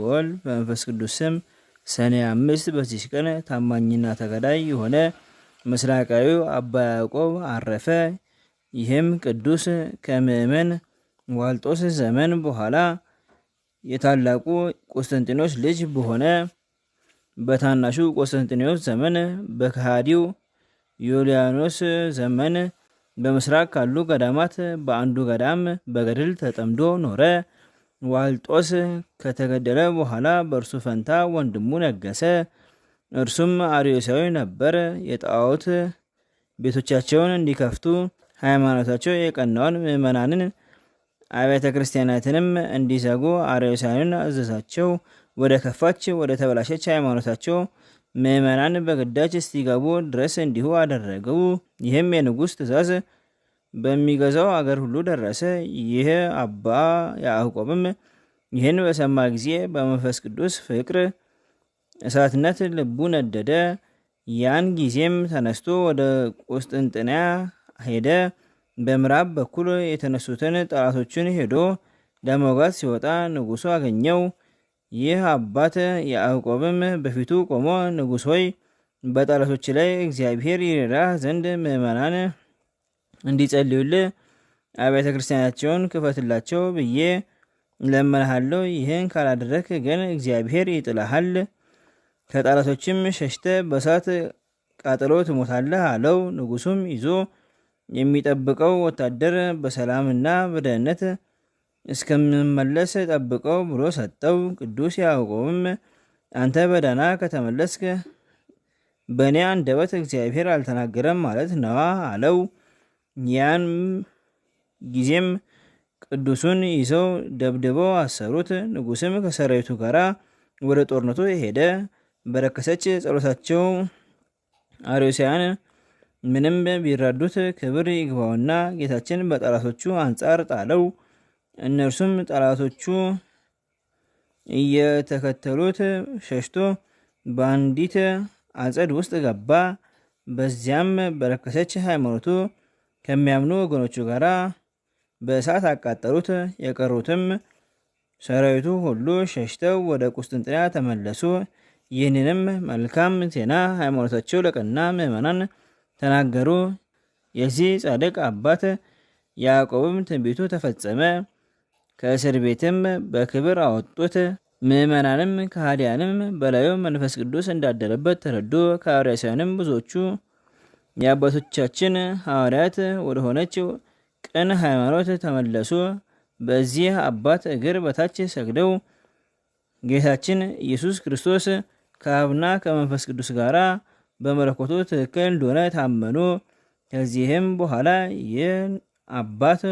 በወልድ በመንፈስ ቅዱስ ስም ሰኔ አምስት በዚች ቀን ታማኝና ተገዳይ የሆነ ምስራቃዊው አባ ያዕቆብ አረፈ። ይህም ቅዱስ ከምእመን ዋልጦስ ዘመን በኋላ የታላቁ ቆስተንጢኖስ ልጅ በሆነ በታናሹ ቆስተንጢኖስ ዘመን በከሃዲው ዮልያኖስ ዘመን በምስራቅ ካሉ ገዳማት በአንዱ ገዳም በገድል ተጠምዶ ኖረ። ዋልጦስ ከተገደለ በኋላ በእርሱ ፈንታ ወንድሙ ነገሰ። እርሱም አርዮሳዊ ነበር። የጣዖት ቤቶቻቸውን እንዲከፍቱ ሃይማኖታቸው የቀናውን ምዕመናንን አብያተ ክርስቲያናትንም እንዲዘጉ አርዮሳዊን አዘዛቸው። ወደ ከፋች ወደ ተበላሸች ሃይማኖታቸው ምዕመናን በግዳጅ እስቲገቡ ድረስ እንዲሁ አደረገው። ይህም የንጉሥ ትእዛዝ በሚገዛው አገር ሁሉ ደረሰ። ይህ አባ ያዕቆብም ይህን በሰማ ጊዜ በመንፈስ ቅዱስ ፍቅር እሳትነት ልቡ ነደደ። ያን ጊዜም ተነስቶ ወደ ቁስጥንጥንያ ሄደ። በምዕራብ በኩል የተነሱትን ጠላቶችን ሄዶ ለመውጋት ሲወጣ ንጉሱ አገኘው። ይህ አባት ያዕቆብም በፊቱ ቆሞ ንጉሥ ሆይ በጠላቶች ላይ እግዚአብሔር ይረዳ ዘንድ ምዕመናን እንዲጸልዩልህ አብያተ ክርስቲያናቸውን ክፈትላቸው ብዬ እለምንሃለሁ። ይህን ካላደረክ ግን እግዚአብሔር ይጥልሃል፣ ከጠላቶችም ሸሽተ በሳት ቃጠሎ ትሞታለህ አለው። ንጉሱም ይዞ የሚጠብቀው ወታደር በሰላምና በደህንነት እስከምመለስ ጠብቀው ብሎ ሰጠው። ቅዱስ ያዕቆብም አንተ በደህና ከተመለስክ በእኔ አንደበት እግዚአብሔር አልተናገረም ማለት ነዋ አለው። ያን ጊዜም ቅዱሱን ይዘው ደብድበው አሰሩት። ንጉስም ከሰራዊቱ ጋር ወደ ጦርነቱ ሄደ። በረከሰች ጸሎታቸው አርዮሳውያን ምንም ቢራዱት ክብር ይግባውና ጌታችን በጠላቶቹ አንጻር ጣለው። እነርሱም ጠላቶቹ እየተከተሉት ሸሽቶ በአንዲት አጸድ ውስጥ ገባ። በዚያም በረከሰች ሃይማኖቱ ከሚያምኑ ወገኖቹ ጋር በእሳት አቃጠሉት። የቀሩትም ሰራዊቱ ሁሉ ሸሽተው ወደ ቁስጥንጥንያ ተመለሱ። ይህንንም መልካም ዜና ሃይማኖታቸው ለቀና ምዕመናን ተናገሩ። የዚህ ጻድቅ አባት ያዕቆብም ትንቢቱ ተፈጸመ። ከእስር ቤትም በክብር አወጡት። ምዕመናንም ከሃዲያንም በላዩ መንፈስ ቅዱስ እንዳደረበት ተረዱ። ከአርዮሳውያንም ብዙዎቹ የአባቶቻችን ሐዋርያት ወደ ሆነችው ቅን ሃይማኖት ተመለሱ። በዚህ አባት እግር በታች ሰግደው ጌታችን ኢየሱስ ክርስቶስ ከአብና ከመንፈስ ቅዱስ ጋር በመለኮቱ ትክክል እንደሆነ ታመኑ። ከዚህም በኋላ ይህን አባት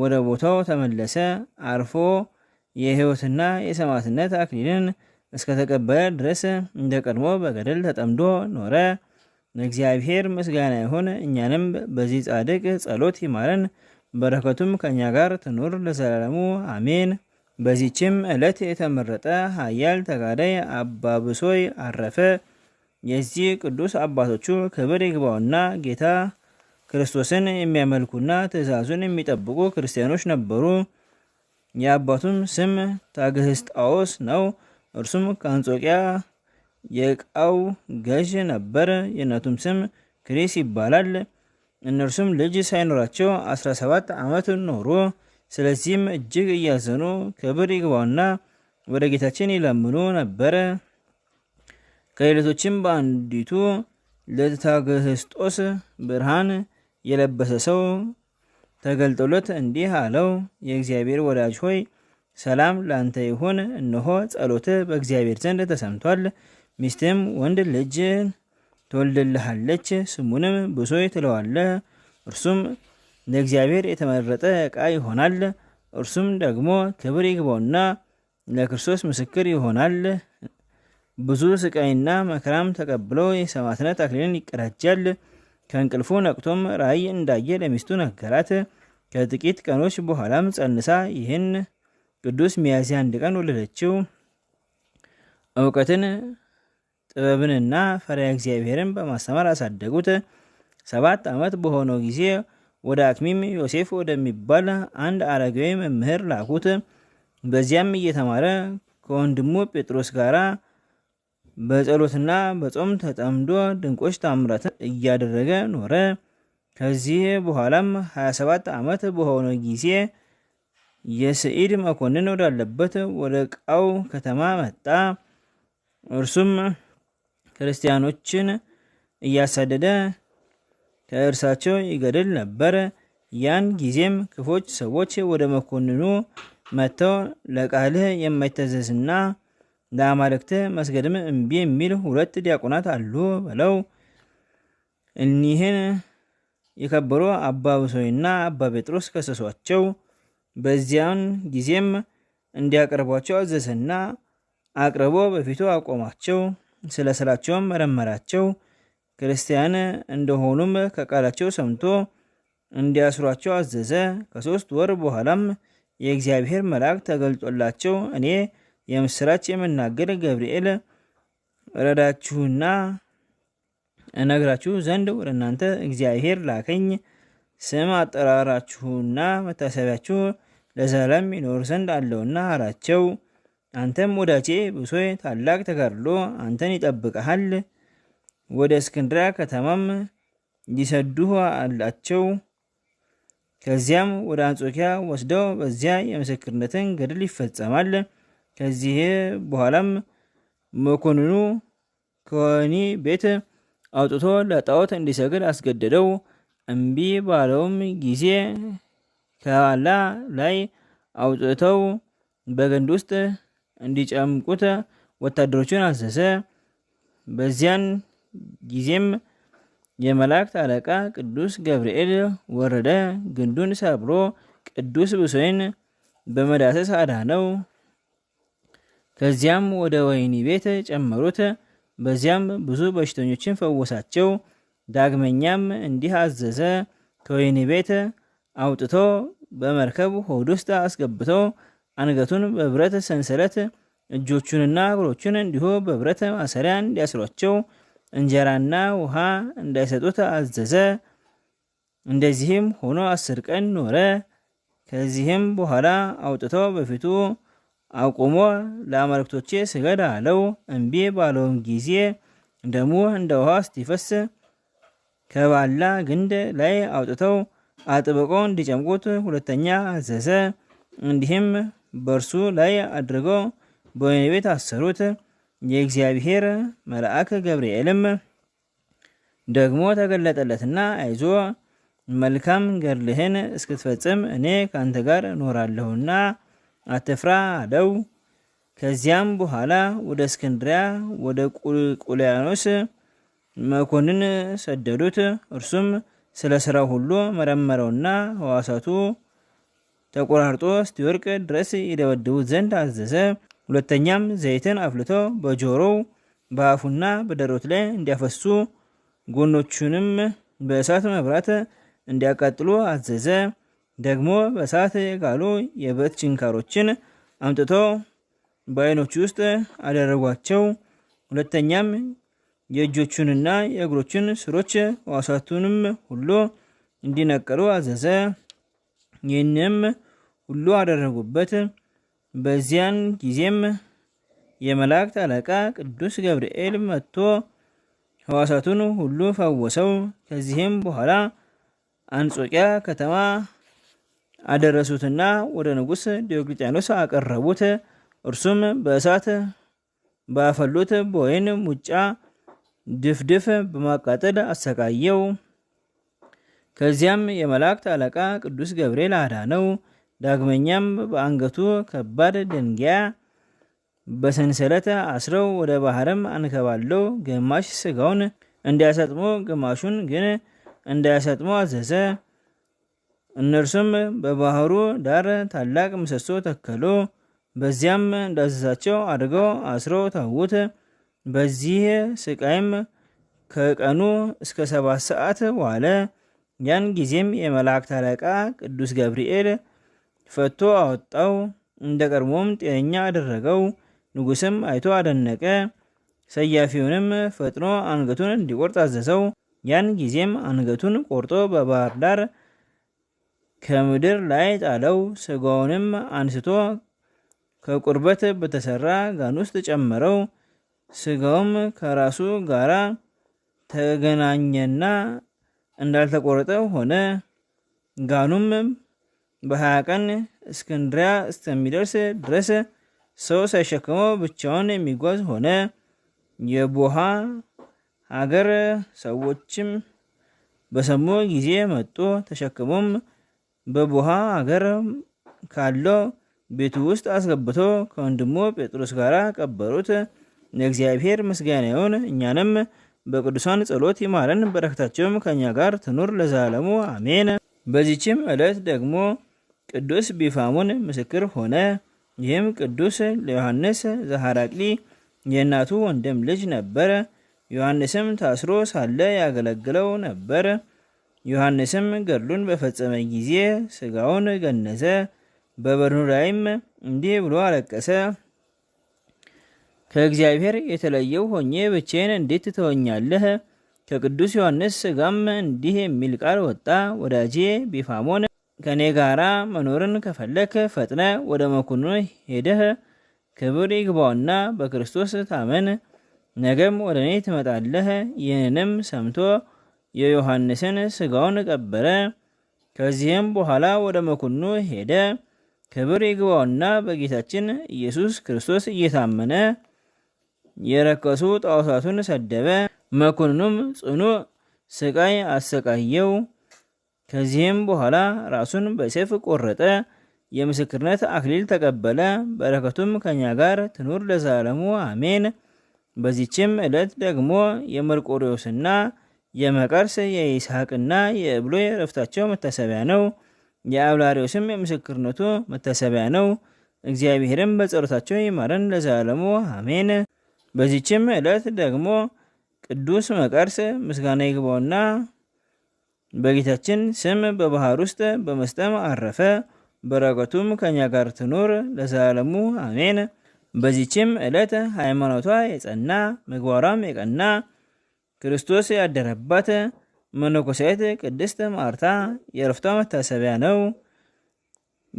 ወደ ቦታው ተመለሰ። አርፎ የሕይወትና የሰማዕትነት አክሊልን እስከተቀበለ ድረስ እንደ ቀድሞ በገደል ተጠምዶ ኖረ። ለእግዚአብሔር ምስጋና ይሁን። እኛንም በዚህ ጻድቅ ጸሎት ይማረን፣ በረከቱም ከእኛ ጋር ትኑር ለዘላለሙ አሜን። በዚችም ዕለት የተመረጠ ኃያል ተጋዳይ አባ ብሶይ አረፈ። የዚህ ቅዱስ አባቶቹ ክብር ይግባውና ጌታ ክርስቶስን የሚያመልኩና ትእዛዙን የሚጠብቁ ክርስቲያኖች ነበሩ። የአባቱም ስም ታግህስጣዎስ ነው። እርሱም ከአንጾቂያ የእቃው ገዥ ነበር። የእናቱም ስም ክሬስ ይባላል። እነርሱም ልጅ ሳይኖራቸው 17 ዓመት ኖሩ። ስለዚህም እጅግ እያዘኑ ክብር ይግባውና ወደ ጌታችን ይለምኑ ነበር። ከሌሎቶችም በአንዲቱ ለታግስጦስ ብርሃን የለበሰ ሰው ተገልጦለት እንዲህ አለው፣ የእግዚአብሔር ወዳጅ ሆይ ሰላም ላንተ ይሁን። እነሆ ጸሎት በእግዚአብሔር ዘንድ ተሰምቷል። ሚስትም ወንድ ልጅ ትወልድልሃለች፣ ስሙንም ብሶይ ትለዋለህ። እርሱም ለእግዚአብሔር የተመረጠ ዕቃ ይሆናል። እርሱም ደግሞ ክብር ይግባውና ለክርስቶስ ምስክር ይሆናል። ብዙ ስቃይና መከራም ተቀብሎ የሰማዕትነት አክሊልን ይቀዳጃል። ከእንቅልፉ ነቅቶም ራእይ እንዳየ ለሚስቱ ነገራት። ከጥቂት ቀኖች በኋላም ጸንሳ ይህን ቅዱስ ሚያዝያ አንድ ቀን ወለደችው። እውቀትን ጥበብንና ፈሪያ እግዚአብሔርን በማስተማር አሳደጉት። ሰባት ዓመት በሆነው ጊዜ ወደ አክሚም ዮሴፍ ወደሚባል አንድ አረጋዊ መምህር ላኩት። በዚያም እየተማረ ከወንድሙ ጴጥሮስ ጋር በጸሎትና በጾም ተጠምዶ ድንቆች ታምራት እያደረገ ኖረ። ከዚህ በኋላም 27 ዓመት በሆነ ጊዜ የስዒድ መኮንን ወዳለበት ወደ ቃው ከተማ መጣ። እርሱም ክርስቲያኖችን እያሳደደ ከእርሳቸው ይገድል ነበር። ያን ጊዜም ክፎች ሰዎች ወደ መኮንኑ መጥተው ለቃልህ የማይታዘዝና ለአማልክት መስገድም እምቢ የሚል ሁለት ዲያቆናት አሉ በለው። እኒህን የከበሩ አባ ብሶይና አባ ጴጥሮስ ከሰሷቸው። በዚያን ጊዜም እንዲያቀርቧቸው አዘዘና አቅርቦ በፊቱ አቆማቸው። ስለ ስራቸውም መረመራቸው። ክርስቲያን እንደሆኑም ከቃላቸው ሰምቶ እንዲያስሯቸው አዘዘ። ከሶስት ወር በኋላም የእግዚአብሔር መልአክ ተገልጦላቸው እኔ የምስራች የምናገር ገብርኤል ረዳችሁና እነግራችሁ ዘንድ ወደ እናንተ እግዚአብሔር ላከኝ። ስም አጠራራችሁና መታሰቢያችሁ ለዘላለም ይኖር ዘንድ አለውና አራቸው። አንተም ወዳጄ ብሶይ ታላቅ ተጋድሎ አንተን ይጠብቀሃል። ወደ እስክንድራ ከተማም ሊሰዱህ አላቸው። ከዚያም ወደ አንጾኪያ ወስደው በዚያ የምስክርነትን ገድል ይፈጸማል። ከዚህ በኋላም መኮንኑ ከወህኒ ቤት አውጥቶ ለጣዖት እንዲሰግድ አስገደደው። እምቢ ባለውም ጊዜ ከኋላ ላይ አውጥተው በግንድ ውስጥ እንዲጨምቁት ወታደሮቹን አዘዘ። በዚያን ጊዜም የመላእክት አለቃ ቅዱስ ገብርኤል ወረደ፣ ግንዱን ሰብሮ ቅዱስ ብሶይን በመዳሰስ አዳነው። ከዚያም ወደ ወህኒ ቤት ጨመሩት። በዚያም ብዙ በሽተኞችን ፈወሳቸው። ዳግመኛም እንዲህ አዘዘ፣ ከወህኒ ቤት አውጥቶ በመርከብ ሆድ ውስጥ አስገብተው። አንገቱን በብረት ሰንሰለት እጆቹንና እግሮቹን እንዲሁ በብረት ማሰሪያ እንዲያስሯቸው እንጀራና ውሃ እንዳይሰጡት አዘዘ። እንደዚህም ሆኖ አስር ቀን ኖረ። ከዚህም በኋላ አውጥቶ በፊቱ አቁሞ ለአማልክቶቼ ስገድ አለው። እምቢ ባለውም ጊዜ ደሙ እንደ ውሃ እስቲፈስ ከባላ ግንድ ላይ አውጥተው አጥብቆ እንዲጨምቁት ሁለተኛ አዘዘ። እንዲህም በእርሱ ላይ አድርገው በወህኒ ቤት አሰሩት። የእግዚአብሔር መልአክ ገብርኤልም ደግሞ ተገለጠለትና አይዞ መልካም ገድልህን እስክትፈጽም እኔ ካንተ ጋር እኖራለሁና አትፍራ አለው። ከዚያም በኋላ ወደ እስክንድሪያ ወደ ቁልቁልያኖስ መኮንን ሰደዱት። እርሱም ስለ ስራው ሁሉ መረመረውና ሕዋሳቱ ተቆራርጦ እስኪወድቅ ድረስ ይደበድቡት ዘንድ አዘዘ። ሁለተኛም ዘይትን አፍልቶ በጆሮው በአፉና በደረቱ ላይ እንዲያፈሱ ጎኖቹንም በእሳት መብራት እንዲያቃጥሉ አዘዘ። ደግሞ በእሳት የጋሉ የብረት ችንካሮችን አምጥቶ በዓይኖቹ ውስጥ አደረጓቸው። ሁለተኛም የእጆቹንና የእግሮቹን ስሮች ዋሳቱንም ሁሉ እንዲነቀሉ አዘዘ። ይህንም ሁሉ አደረጉበት። በዚያን ጊዜም የመላእክት አለቃ ቅዱስ ገብርኤል መጥቶ ሕዋሳቱን ሁሉ ፈወሰው። ከዚህም በኋላ አንጾቂያ ከተማ አደረሱትና ወደ ንጉሥ ዲዮቅልጥያኖስ አቀረቡት። እርሱም በእሳት ባፈሉት በወይን ሙጫ ድፍድፍ በማቃጠል አሰቃየው። ከዚያም የመላእክት አለቃ ቅዱስ ገብርኤል አዳነው። ዳግመኛም በአንገቱ ከባድ ደንጊያ በሰንሰለት አስረው ወደ ባህርም አንከባለው። ግማሽ ስጋውን እንዲያሰጥሞ ግማሹን ግን እንዳያሰጥሞ አዘዘ። እነርሱም በባህሩ ዳር ታላቅ ምሰሶ ተከሉ። በዚያም እንዳዘዛቸው አድርገው አስረው ታውት። በዚህ ስቃይም ከቀኑ እስከ ሰባት ሰዓት ዋለ። ያን ጊዜም የመላእክት አለቃ ቅዱስ ገብርኤል ፈቶ አወጣው፣ እንደ ቀድሞም ጤነኛ አደረገው። ንጉስም አይቶ አደነቀ። ሰያፊውንም ፈጥኖ አንገቱን እንዲቆርጥ አዘዘው። ያን ጊዜም አንገቱን ቆርጦ በባህር ዳር ከምድር ላይ ጣለው። ስጋውንም አንስቶ ከቁርበት በተሰራ ጋን ውስጥ ጨመረው። ስጋውም ከራሱ ጋራ ተገናኘና እንዳልተቆረጠ ሆነ። ጋኑም በሀያ ቀን እስክንድሪያ እስከሚደርስ ድረስ ሰው ሳይሸክመው ብቻውን የሚጓዝ ሆነ። የቦሃ ሀገር ሰዎችም በሰሙ ጊዜ መጡ። ተሸክሞም በቦሃ ሀገር ካለው ቤቱ ውስጥ አስገብቶ ከወንድሙ ጴጥሮስ ጋር ቀበሩት። ለእግዚአብሔር ምስጋና ይሁን፣ እኛንም በቅዱሳን ጸሎት ይማረን፣ በረከታቸውም ከእኛ ጋር ትኑር ለዘላለሙ አሜን። በዚችም ዕለት ደግሞ ቅዱስ ቢፋሙን ምስክር ሆነ። ይህም ቅዱስ ለዮሐንስ ዘሐራቅሊ የእናቱ ወንድም ልጅ ነበር። ዮሐንስም ታስሮ ሳለ ያገለግለው ነበር። ዮሐንስም ገድሉን በፈጸመ ጊዜ ስጋውን ገነዘ። በበሩ ላይም እንዲህ ብሎ አለቀሰ። ከእግዚአብሔር የተለየው ሆኜ ብቼን እንዴት ትተወኛለህ? ከቅዱስ ዮሐንስ ስጋም እንዲህ የሚል ቃል ወጣ። ወዳጄ ቢፋሞን ከእኔ ጋራ መኖርን ከፈለክ ፈጥነ ወደ መኮንኑ ሄደህ ክብር ይግባውና በክርስቶስ ታመን፣ ነገም ወደ እኔ ትመጣለህ። ይህንንም ሰምቶ የዮሐንስን ስጋውን ቀበረ። ከዚህም በኋላ ወደ መኮንኑ ሄደ። ክብር ይግባውና በጌታችን ኢየሱስ ክርስቶስ እየታመነ የረከሱ ጣዖታቱን ሰደበ። መኮንኑም ጽኑ ስቃይ አሰቃየው። ከዚህም በኋላ ራሱን በሰይፍ ቆረጠ፣ የምስክርነት አክሊል ተቀበለ። በረከቱም ከኛ ጋር ትኑር ለዘላለሙ አሜን። በዚችም ዕለት ደግሞ የመርቆሪዎስና የመቀርስ የይስሐቅና የእብሎ የረፍታቸው መታሰቢያ ነው። የአብላሪዎስም የምስክርነቱ መታሰቢያ ነው። እግዚአብሔርም በጸሎታቸው ይማረን ለዘላለሙ አሜን። በዚችም ዕለት ደግሞ ቅዱስ መቀርስ ምስጋና ይግባውና በጌታችን ስም በባህር ውስጥ በመስጠም አረፈ። በረከቱም ከኛ ጋር ትኑር ለዘላለሙ አሜን። በዚችም ዕለት ሃይማኖቷ የጸና ምግባሯም የቀና ክርስቶስ ያደረባት መነኮሳይት ቅድስት ማርታ የእረፍቷ መታሰቢያ ነው።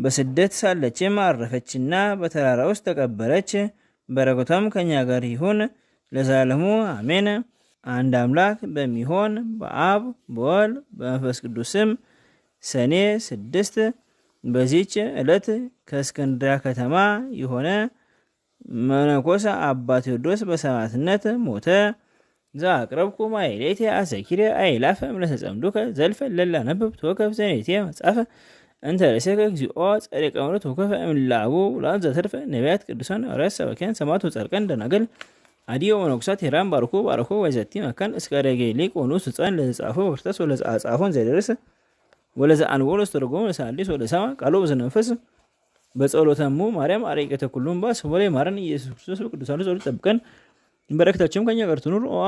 በስደት ሳለችም አረፈችና በተራራ ውስጥ ተቀበረች። በረከቷም ከኛ ጋር ይሁን ለዘላለሙ አሜን። አንድ አምላክ በሚሆን በአብ በወል በመንፈስ ቅዱስም ሰኔ ስድስት በዚች ዕለት ከእስክንድሪያ ከተማ የሆነ መነኮስ አባ ቴዎድሮስ በሰማዕትነት ሞተ። ዘአቅረብኩ ማሕሌተ አይላፈ አእላፈ ጸምዱከ ዘልፈ ለላ ነብብ ተወከፍ ዘኔቴ መጻፈ እንተ ርእሰከ እግዚኦ ጸሪቀ ምረት ወከፈ እምላቡ ላን ዘተርፈ ነቢያት ቅዱሳን ሐዋርያት ሰበኪያን ሰማዕቱ ጻድቃን ደናግል አዲዮ Oromoo ሄራን ባርኮ ባርኮ ወዘቲ መካን akkan iska dhageelee qoonus hitsaan ለተጻፈው ክርተት ጻፎን ዘደረሰ ወለዛ አንወለስ ተርጎም ለሳሊስ ሰማ ቃሎ በዘነፈስ በጸሎተሙ ማርያም አረቀተ ኩሉም ባስ ወለ ማረን ኢየሱስ ክርስቶስ ቅዱሳን ጸሎት ጠብቀን በረከታቸውም ከኛ ጋር ትኑር ኦ